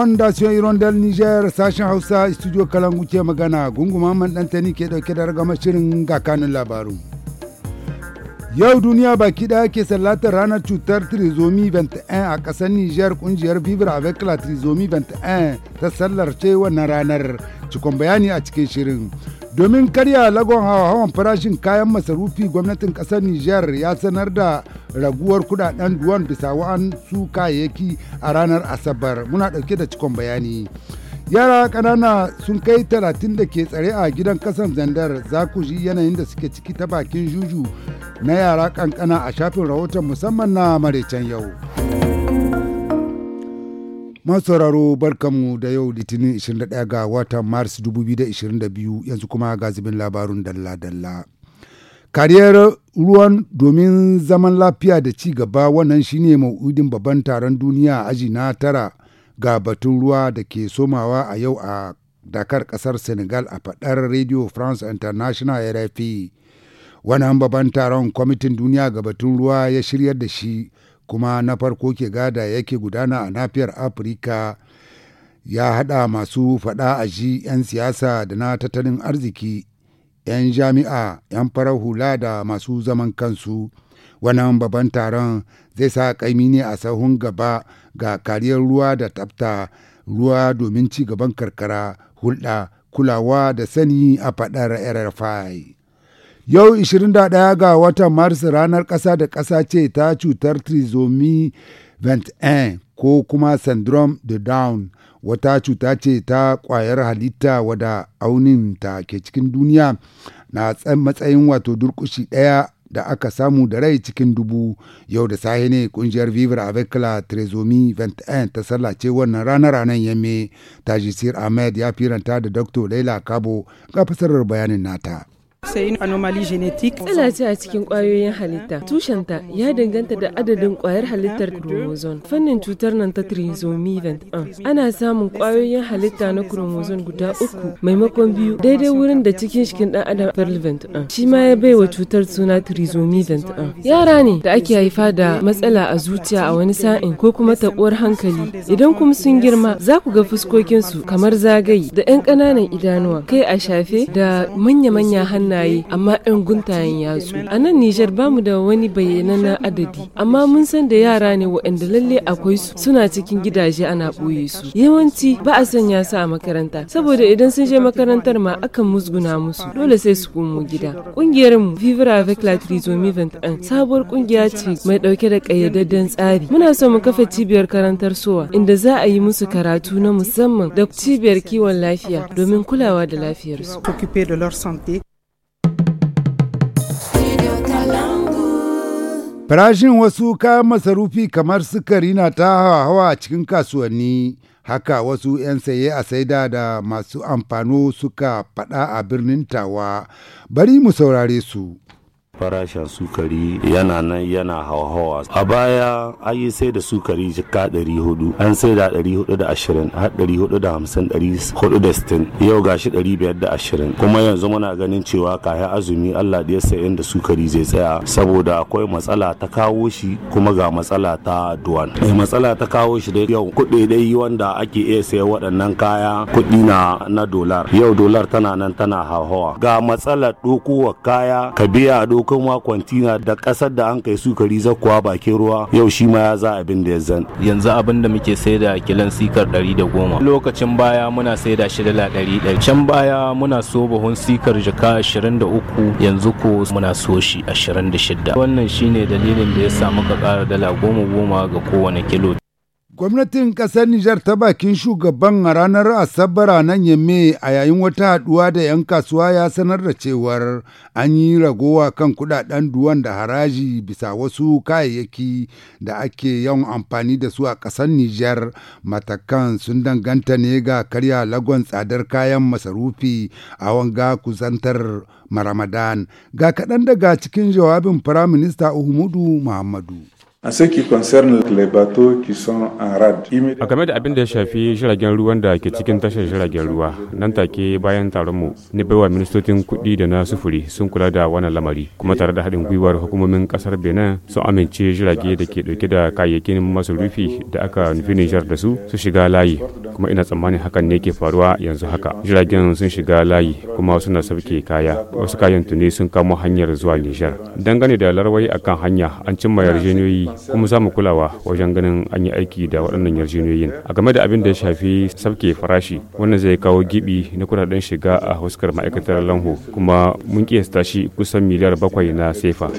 fondation irondel niger sashen hausa studio kalangu ke magana gungu man dantani ke dauke da ragama shirin gakanin labaru yau duniya baki daya ke sallatar ranar cutar trizomi 21 a kasar niger kungiyar fever avec la 21 ta sallar wannan ranar cikon bayani a cikin shirin domin karya lagon hawa-hawan farashin kayan masarufi gwamnatin kasar niger ya sanar da raguwar kudaden duwan bisa wa'ansu kayayyaki a ranar asabar muna ɗauke da cikon bayani yara ƙanana sun kai talatin da ke tsare a gidan kasan zandar za ku ji yanayin da suke ciki ta bakin juju na yara ƙanƙana a shafin rahoton musamman na maraicen yau sauraro barkamu da yau litinin 21 ga watan mars 2022 yanzu kuma ga zubin labarun dalla-dalla kariyar ruwan domin zaman lafiya da ci gaba wannan shine ma'udin babban taron duniya aji na tara ga batun ruwa da ke somawa a yau a dakar kasar senegal a fadar radio france international rfi wannan babban taron kwamitin duniya ga batun ruwa ya shiryar da shi kuma na farko ke gada yake gudana a nafiyar afirka ya haɗa masu faɗa a ji 'yan siyasa da na tattalin arziki 'yan jami'a 'yan farar hula da masu zaman kansu wannan babban taron zai sa kaimi ne a sahun gaba ga kariyar ruwa da tafta ruwa domin ci gaban karkara hulɗa kulawa da sani a faɗar rfi yau 21 ga watan Mars, ranar ƙasa da ƙasa ce ta cutar trisomy 21 ko kuma syndrome the down wata cuta ce ta kwayar halitta wada aunin ta ke cikin duniya na matsayin wato durkushi ɗaya da aka samu da rai cikin dubu yau da sahi ne kungiyar Viver avecla trezomi 21 ta sallace wannan ranar ranar yamme tajisir ahmed ya firanta da dr laila kabo ga fasarar bayanin nata Tsala ce a cikin ƙwayoyin halitta. Tushenta ya danganta da adadin ƙwayar halittar chromosome. Fannin cutar nan ta trisomy 21. Ana samun ƙwayoyin halitta na chromosome guda uku maimakon biyu daidai wurin da cikin shikin ɗan adam perl 21. Shi ma ya baiwa cutar suna trisomy 21. Yara ne da ake haifa da matsala a zuciya a wani sa'in ko kuma taɓuwar hankali. Idan kuma sun girma za ku ga fuskokinsu kamar zagaye da 'yan ƙananan idanuwa kai a shafe da manya-manya hannu muna yi amma 'yan guntayen ya zo a nan nijar mu da wani na adadi amma mun san da yara ne waɗanda lalle akwai su suna cikin gidaje ana ɓoye su yawanci ba a sanya su a makaranta saboda idan sun je makarantar ma akan musguna musu dole sai su komo gida ƙungiyar mu vivra avec la trisomie sabuwar ƙungiya ce mai ɗauke da ƙayyadadden tsari muna so mu kafa cibiyar karantar sowa inda za a yi musu karatu na musamman da cibiyar kiwon lafiya domin kulawa da lafiyarsu. Farashin wasu kayan masarufi kamar sukari na ta hawa a cikin kasuwanni, haka wasu 'yan saye a saida da masu amfano suka faɗa a birnin Tawa, bari mu saurare su. farashin sukari yana nan yana hauhawa a baya an yi sai da sukari jika 400 an sai da 420 har 450 460 yau gashi 520 kuma yanzu muna ganin cewa kayan azumi Allah da ya sai inda sukari zai tsaya saboda akwai matsala ta kawo shi kuma ga matsala ta duwan matsala ta kawo shi da yau kuɗi dai wanda ake iya sayan waɗannan kaya kuɗi na na dolar yau dolar tana nan tana hauhawa ga matsalar ɗokuwar kaya ka biya ɗokuwar koma kwantina da kasar da an kai sukari zakuwa bakin ruwa yau shi ma ya za abin da ya zan yanzu abin da muke saida kilan sikar 110 lokacin baya muna saida shi dala 100 can baya muna so buhun sikar jaka 23 yanzu ko muna so shi 26 wannan shine dalilin da ya sa muka kara dala goma goma ga kowane kilo Gwamnatin ƙasar Nijar ta bakin shugaban a ranar Asabar nan Yamme a yayin wata haɗuwa da 'yan kasuwa ya sanar da cewar an yi ragowa kan kuɗaɗen duwan da haraji bisa wasu kayayyaki da ake yawan amfani da su a ƙasar Nijar. Matakan sun danganta ne ga karya lagon tsadar kayan masarufi a wanga kusantar Maramadan. Ga kaɗan daga cikin jawabin Firaminista Uhumudu Muhammadu. A game da abin da ya shafi jiragen ruwan da ke cikin tashar jiragen ruwa nan take bayan taron mu ni baiwa ministocin kuɗi da na sufuri sun kula da wannan lamari kuma tare da haɗin gwiwar hukumomin ƙasar Benin sun amince jirage da ke ɗauke da kayayyakin masarufi da aka nufi Nijar da su su shiga layi kuma ina tsammanin hakan ne ke faruwa yanzu haka jiragen sun shiga layi kuma suna sabke kaya wasu kayan tuni sun kamo hanyar zuwa Nijar dangane da larwai akan hanya an cimma yarjejeniyoyi kuma za mu kulawa wajen ganin an yi aiki da waɗannan yarjejeniyoyin a game da abin da ya shafi sabke farashi wannan zai kawo gibi na kudaden shiga a huskar ma'aikatar lanho kuma mun kiyasta shi kusan miliyar bakwai na sefa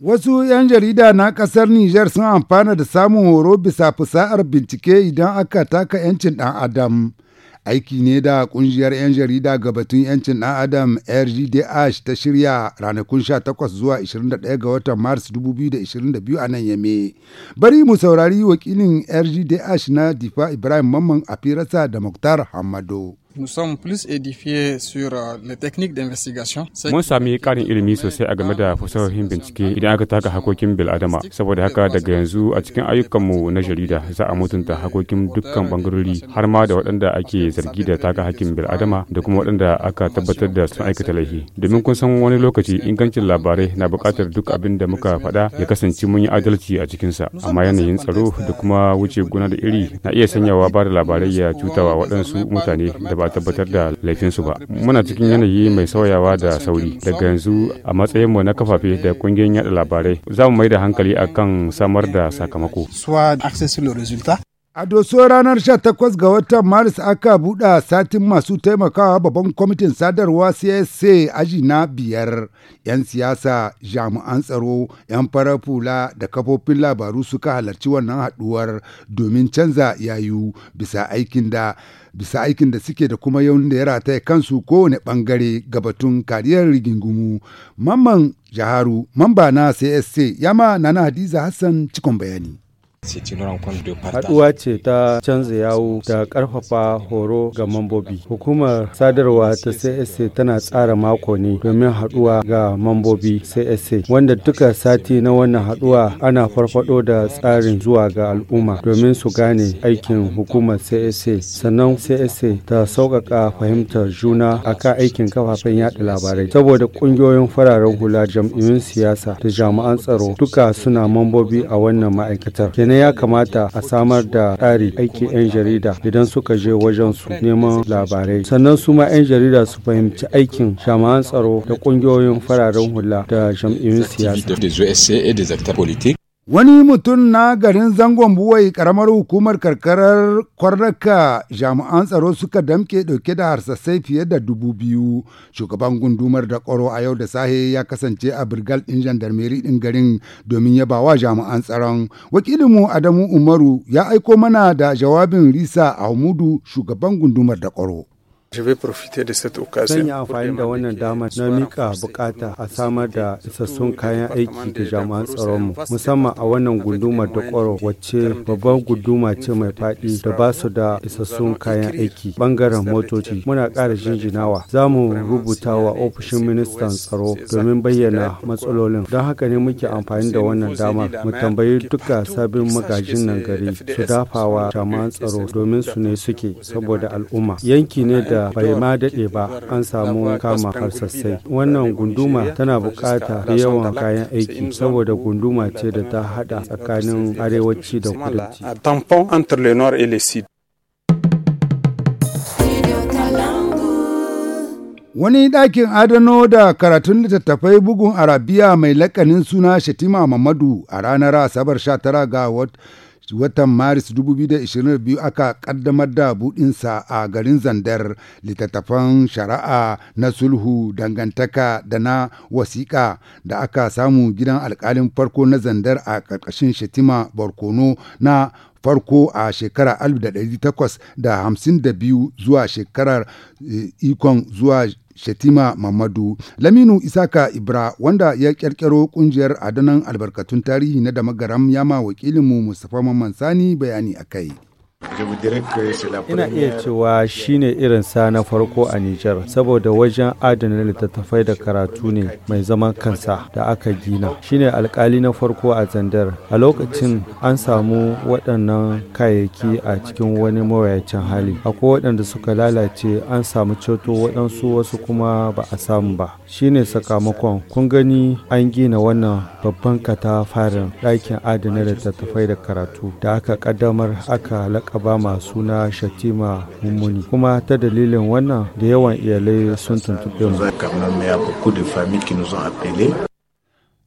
Wasu 'yan jarida na ƙasar Nijar sun amfana da samun horo bisa fasa'ar bincike idan aka taka 'yancin ɗan Adam. aiki ne da kungiyar 'yan jarida ga batun 'yancin ɗan adam rgdh ta shirya ranakun 18 zuwa 21 ga watan mars 2022 a nan yame bari mu saurari wakilin rgdh na difa ibrahim mamman a firarsa da muktar hamadu Nous sommes plus édifiés sur euh, les techniques d'investigation. Mun sami ƙarin ilimi sosai a game da fasahohin bincike idan aka taka hakokin bil'adama. Saboda haka daga yanzu a cikin ayyukan mu na jarida za a mutunta hakokin dukkan bangarori har ma da waɗanda ake zargi da taka hakkin bil adama da kuma waɗanda aka tabbatar da sun aikata laifi. Domin kun san wani lokaci ingancin labarai na buƙatar duk abin da muka faɗa ya kasance mun yi adalci a cikin sa Amma yanayin tsaro da kuma wuce gona da iri na iya sanyawa ba da labarai ya cutawa waɗansu mutane da ba tabbatar da laifinsu ba muna cikin yanayi mai sauyawa da sauri daga yanzu a matsayinmu na kafafe da kungiyoyin yada labarai za mu mai da hankali akan samar da sakamako A doso ranar 18 ga watan Maris aka buɗa satin masu taimakawa babban kwamitin sadarwa CSC aji na biyar. 'Yan siyasa, jami'an tsaro, 'yan farar fula da kafofin labaru suka halarci wannan haɗuwar domin canza yayu bisa aikin da bisa aikin da suke da kuma yawan da ya rataye kansu kowane bangare gabatun kariyar rigingumu. Mamman Jaharu, mamba na CSC, yama Nana Hadiza Hassan cikon bayani. Haɗuwa ce ta canza yawo da ƙarfafa horo ga mambobi. Hukumar sadarwa ta CSA tana tsara mako ne domin haɗuwa ga mambobi CSA, wanda duka sati na wannan haɗuwa ana farfado da tsarin zuwa ga al'umma domin su gane aikin hukumar CSA. Sannan CSA ta sauƙaƙa fahimtar juna akan aikin kafafen yaɗa labarai. Saboda ƙungiyoyin fararen hula jam'iyyun siyasa da jami'an tsaro duka suna mambobi a wannan ma'aikatar. ne ya kamata a samar da tsari aiki 'yan jarida idan suka je wajen su neman labarai sannan su ma 'yan jarida su fahimci aikin jami'an tsaro da ƙungiyoyin fararen hula da jam'iyyun siyasa Wani mutum na garin zangon buwai karamar hukumar karkarar kwarraka jami'an tsaro suka damke dauke da harsassai fiye da dubu biyu. Shugaban gundumar da kwaro a yau da sahe ya kasance a birgal ɗin jandarmeri ɗin garin domin ya bawa jami'an tsaron. Wakilinmu Adamu Umaru ya aiko mana da jawabin Risa Ahmudu shugaban gundumar da kwaro. Zan yi amfani da wannan damar na mika bukata a samar da isassun kayan aiki da ga tsaron mu. musamman a wannan gundumar da kwaro wacce babban gunduma ce mai faɗi da ba su da isassun kayan aiki. Bangaren motoci muna ƙara jinjinawa. Za mu rubuta wa ofishin ministan tsaro domin bayyana matsalolin. Don haka ne muke amfani da wannan damar mu tambayi duka sabbin magajin nan gari su dafawa jami'an tsaro domin su ne suke saboda al'umma. Yanki ne da da bai ma daɗe ba an samu kama har sassai wannan gunduma tana bukata da yawan kayan aiki saboda gunduma ce da ta hada tsakanin arewaci da kudanci Wani ɗakin adano da karatun littattafai bugun Arabiya mai lakanin suna Shatima Mamadu a ranar Asabar 19 ga watan maris 2022 aka kaddamar da budinsa a garin zandar littattafan shari'a na sulhu dangantaka da na wasiƙa da aka samu gidan alkalin farko na zandar a ƙarƙashin shetima barkono na farko a shekara 1852 zuwa shekarar eh, ikon zuwa Shatima Mamadu, Laminu Isaka Ibra wanda ya ƙirƙiro ƙungiyar adanan albarkatun tarihi na Damagaram yama wakilinmu Mustapha Mamman Sani bayani a kai. Eh, Ina iya cewa shine irin sa na farko a Nijar saboda wajen adana littattafai da karatu ne mai zaman kansa da aka gina. Shine alkali na farko a Zandar. A lokacin an samu waɗannan kayayyaki a cikin wani mawayacin hali. Akwai waɗanda suka lalace an samu ceto waɗansu wasu kuma ba a samu ba. Shine sakamakon kun gani an gina wannan babban katafarin ɗakin adana littattafai da karatu da aka ƙaddamar aka laƙaba ba ma suna Shatima Mummuni. Kuma ta dalilin wannan da yawan iyalai sun tuntuɓe mu.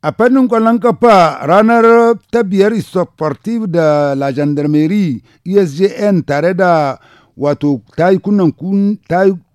A fannin ƙwallon kafa ranar ta biyar Sportive da La Gendarmerie ESJN tare da wato ta yi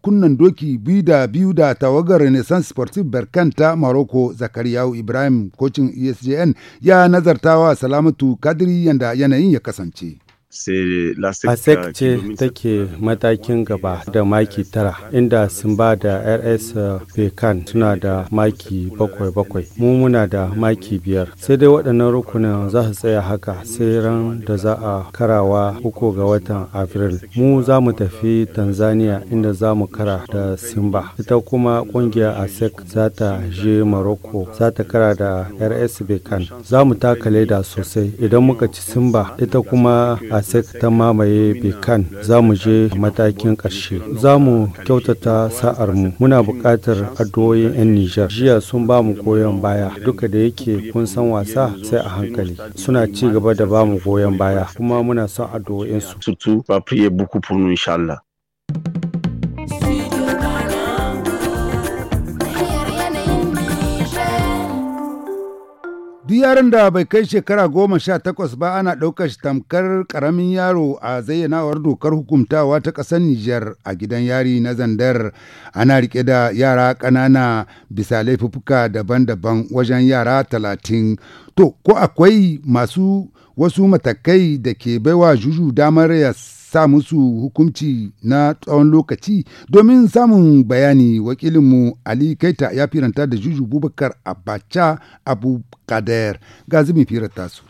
kunnan doki biyu da biyu da tawagar Renaissance Sportive Berkan ta Morocco Zakariyau Ibrahim kocin ESJN ya nazartawa Salamatu Kadiri yanda yanayin ya kasance. sai ce take matakin gaba da maki tara inda Simba da RS Pekan suna da maki bakwai bakwai. Mu muna da maki biyar. Sai dai waɗannan rukunin za su tsaya haka sai ran da za a karawa uku ga watan Afril. Mu za mu tafi Tanzania inda za mu kara da Simba. Ita kuma ƙungiyar ASEC za ta je Morocco za ta kara da RS Bekan. Za mu taka da sosai idan muka ci Simba ita kuma sai ta mamaye bekan za mu je matakin ƙarshe za mu kyautata sa'ar mu muna buƙatar addu'o'in 'yan nijar jiya sun ba mu goyon baya duka da yake kun san wasa sai a hankali suna ci gaba da ba mu goyon baya kuma muna son addu'o'insu. yaron da bai kai shekara goma sha takwas ba ana ɗaukar tamkar ƙaramin yaro a zayyanawar dokar hukumtawa ta ƙasar Nijar a gidan yari na zandar ana riƙe da yara ƙanana bisa laifuka daban-daban wajen yara talatin. To, ko akwai masu wasu matakai da ke baiwa juju damar ya sa musu hukunci na tsawon lokaci domin samun bayani wakilinmu ali kaita ya firanta da juju bubakar abacha abu kader ga zumi firar tasu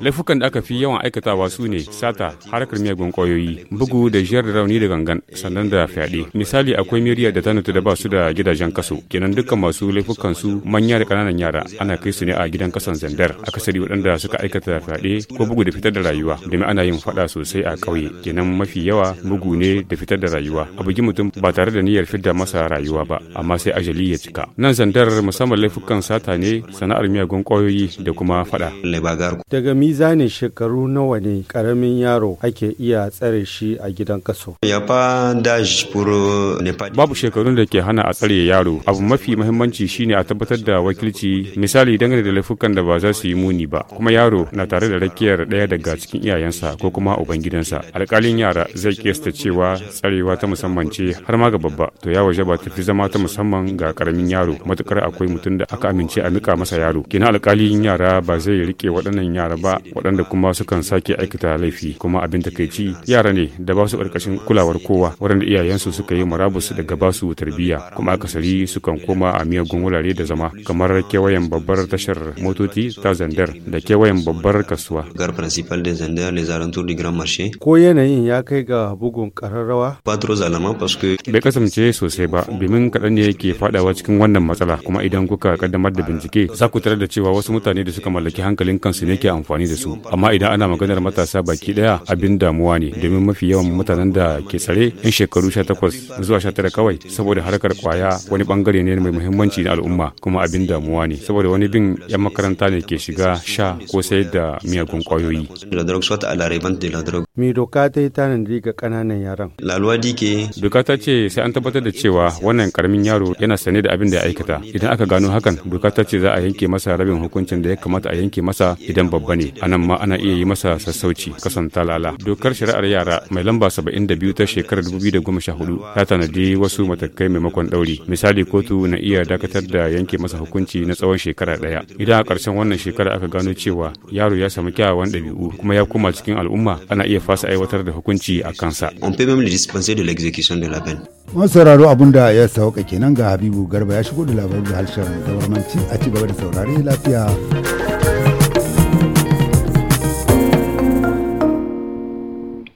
Laifukan da aka fi yawan aikatawa su ne sata, harkar miyagun ƙwayoyi, bugu da jiyar da rauni da gangan, sannan da fyaɗe. Misali akwai miriya da ta da ba su da gidajen kaso, kenan dukkan masu laifukan su manya da ƙananan yara ana kai su ne a gidan kasan zandar, akasari waɗanda suka aikata fyaɗe ko bugu da fitar da rayuwa, domin ana yin faɗa sosai a ƙauye, kenan mafi yawa bugu ne da fitar da rayuwa. A bugi mutum ba tare da niyyar fidda masa rayuwa ba, amma sai ajali ya cika. Nan zandar musamman laifukan sata ne, sana'ar miyagun ƙwayoyi da da kuma fada. Daga mizanin shekaru nawa ne karamin yaro ake iya tsare shi a gidan kaso? Babu shekarun da ke hana a tsare yaro. Abu mafi mahimmanci shine a tabbatar da wakilci misali dangane da laifukan da ba za su yi muni ba kuma yaro na tare da rakiyar ɗaya daga cikin iyayensa ko kuma ubangidansa. Alƙalin yara zai kiyasta cewa tsarewa ta musamman ce har ma ga babba to ya waje ba ta fi zama ta musamman ga karamin yaro matuƙar akwai mutum da aka amince a mika masa yaro. Kina alƙalin yara yara ba zai rike waɗannan yara ba waɗanda kuma sukan sake aikata laifi kuma abin takaici yara ne da ba su ƙarƙashin kulawar kowa waɗanda iyayensu suka yi murabus daga ba su tarbiyya kuma akasari sukan koma a miyagun wurare da zama kamar kewayen babbar tashar motoci ta zandar da kewayen babbar kasuwa. Ko yanayin ya kai ga bugun ƙararrawa? Bai kasance sosai ba domin kaɗan ne yake faɗawa cikin wannan matsala kuma idan kuka kaddamar da bincike za ku tarar da cewa wasu mutane da da suka mallaki hankalin kansu ne ke amfani da su amma idan ana maganar matasa baki daya abin damuwa ne domin mafi yawan mutanen da ke tsare yan shekaru 18 zuwa 19 kawai saboda harkar kwaya wani bangare ne mai muhimmanci na al'umma kuma abin damuwa ne saboda wani bin yan makaranta ne ke shiga sha ko sayar da miyagun kwayoyi me doka ta yi tanadi ga kananan yaran doka ta ce sai an tabbatar da cewa wannan karamin yaro yana sane da abin da ya aikata idan aka gano hakan doka ta ce za a yanke masa rabin hukuncin da ya kamata a yanke masa idan babba ne a nan ma ana iya yi masa sassauci kasan talala dokar shari'ar yara mai lamba saba'in da 72 ta shekarar hudu ta tanadi wasu matakai maimakon ɗauri misali kotu na iya dakatar da yanke masa hukunci na tsawon shekara ɗaya idan a ƙarshen wannan shekara aka gano cewa yaro ya samu kyawawan ɗabi'u kuma ya koma cikin al'umma ana iya fasa aiwatar da hukunci a kansa sauraro abun da ya sauka kenan ga habibu garba ya shigo da labarin da harshen zamanci a ci gaba da saurare lafiya